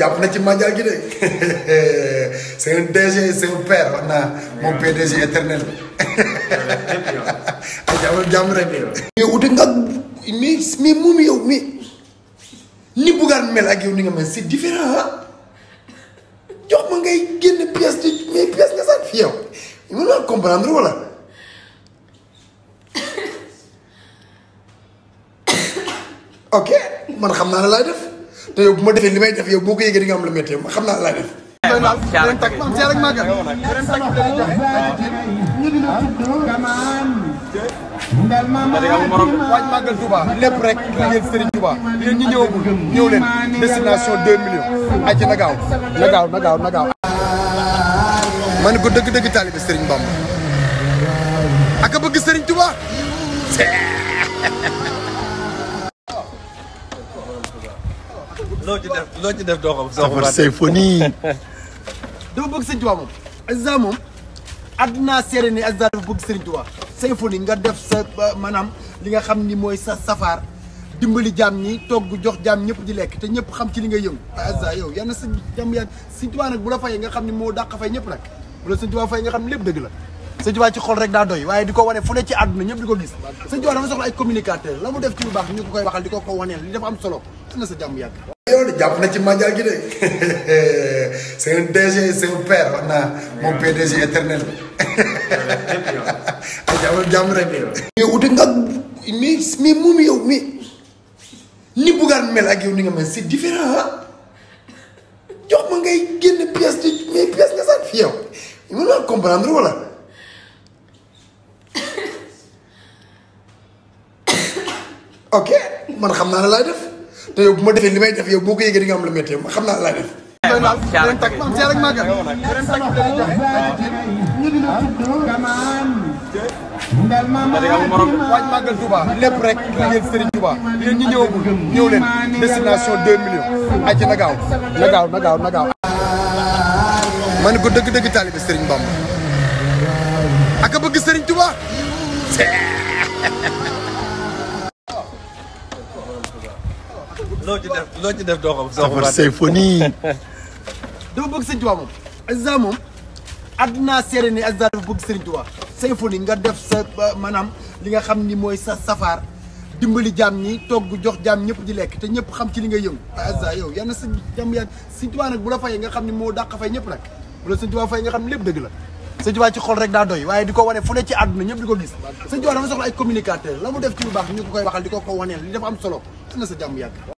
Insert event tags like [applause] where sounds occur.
jàpp na ci mondial gi de [laughs] c' est un DG c' wax naa moom PDG éternel. [laughs] ay jàmm jàmm rek. yow wuute nga mais mais moom yow mel ak yow ni nga mel c' différent ah jox ma ngay génn pièce di mais pièce nga sax fi yow mën naa comprendre wala. [coughs] ok man xam naa ne laay def. te yow bu ma defee li may def yow boo ko yëgee di nga am lu métti xam naa laa def. beneen takk man seer ak màggal beneen takk bi dañuy joxe waaj màggal Touba lépp rek liggéey Serigne Touba yéen ñi ñëwagul ñëw leen destination 2 millions aji na gaaw na gaaw na gaaw na gaaw ma ne ko dëgg dëgg taalibe Serigne Bamba ak a bëgg Serigne Touba [laughs] loo ci def loo ci def doo ko. safar symphonie. [laughs] dafa bëgg sëñ Tuubaa moom. moom. àdduna seere ni Aziza dafa bëgg sëñ nga def sa maanaam li nga xam ni mooy sa safaar. dimbali jaam ñi togg nga na sa jàmm yaa sëñ Tuubaa xam ni moo dàq fay ñëpp la sëñ Tuubaa nga xam ni lépp dëgg la sëñ Tuubaa ci xol rek daa doy waaye di ko wane fu ci àdduna ñëpp di ko gis sëñ Tuubaa dafa soxla ay communicateur la mu def ci lu baax ñu ko koy waxal di ko ko waneel li dafa am solo yal sa jàmm yàgg jàpp na ci mondial gi de [laughs] c' est un DG c' wax naa moom PDG éternel. [laughs] ay jàmm jàmm rek. yow yow mais ni Bougane mel ak yow ni nga mel c' est différent ah jox ma ngay génn pièce di mais pièce nga sànni fi yow mën naa comprendre wala. [coughs] ok man xam naa ne laay def. te yow bu ma defee li may def yow boo ko yëgee di nga am lu métti xam naa laa def. ren takk maam seer ak màggal ren takk waaj màggal Touba lépp rek liggéey Serigne Touba yéen ñi ñëwagul ñëw leen destination 2 millions aji na gaaw na gaaw na gaaw na gaaw ma ne ko dëgg dëgg taalibe Serigne Bamba ak a bëgg Serigne Touba [laughs] loo ci def loo ci def doo ko. safar symphonie. [laughs] dafa bëgg sëñ Tuubaa moom. Aziza moom. àdduna seere ni Aziza dafa bëgg sëñ def sa maanaam li nga xam ni mooy sa safaar. dimbali jaam ñi togg jox jaam ñëpp di lekk te ñëpp xam ci li nga yëngu Aziza yaa nga xam ni moo dàq fay ñëpp nag bu la sëñ Tuubaa fay la sëñ Tuubaa ci xol soxla ay communicateur la mu def ci lu baax ñu ko koy waxal di ko ko waneel li dafa am solo yal na sa jàmm yàgg